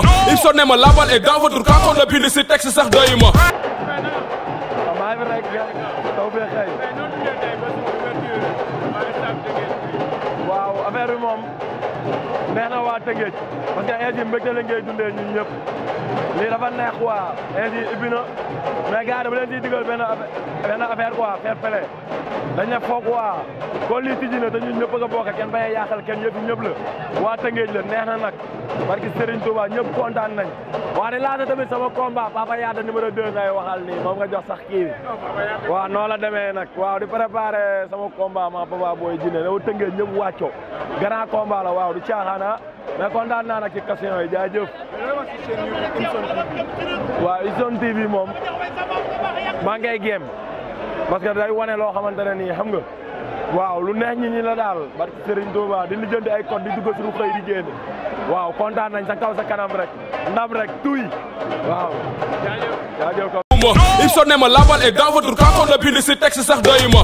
ma Ibson ne ma la balle est dans votre camp kon la bind si texte sax doyu ma waaw affaire bi moom neex na waa Tëngéej parce que Inzi mbégte la ngay dundee ñun ñëpp lii dafa neex quoi Inzi ubbi na mais gars dama leen ciy digal benn benn affaire quoi fair play dañ ne foog waa kon lii tijji na te ñun ñëpp nga bokk kenn bañ a yàqal kenn yëpp ñëpp la waa Tëngéej la neex na nag barki Serigne Touba ñëpp kontaan nañ waa di laata tamit sama combat Papa Yada numéro 2 ngay waxal nii moom nga jox sax kii bi waaw noonu la demee nag waaw di préparé sama combat ma Papa Boy Djiné dafa Tëngéej ñëpp wàccoo grand combat la waaw du caaxaan naa mais kontaan naa nag un question yi jaajëf. waaw Ilson TV mom, maa game, géem parce que day wane loo xamante ne nii xam nga waaw lu neex ñi ñi la daal barki Serigne Touba di lijjanti ay code di dugg suñu xëy di génn waaw kontaan nañ sa kaw sa kanam rek ndam rek tuy waaw jaajëf jaajëf ko Ilson ne ma la balle dans votre camp, on a bind ci texte sax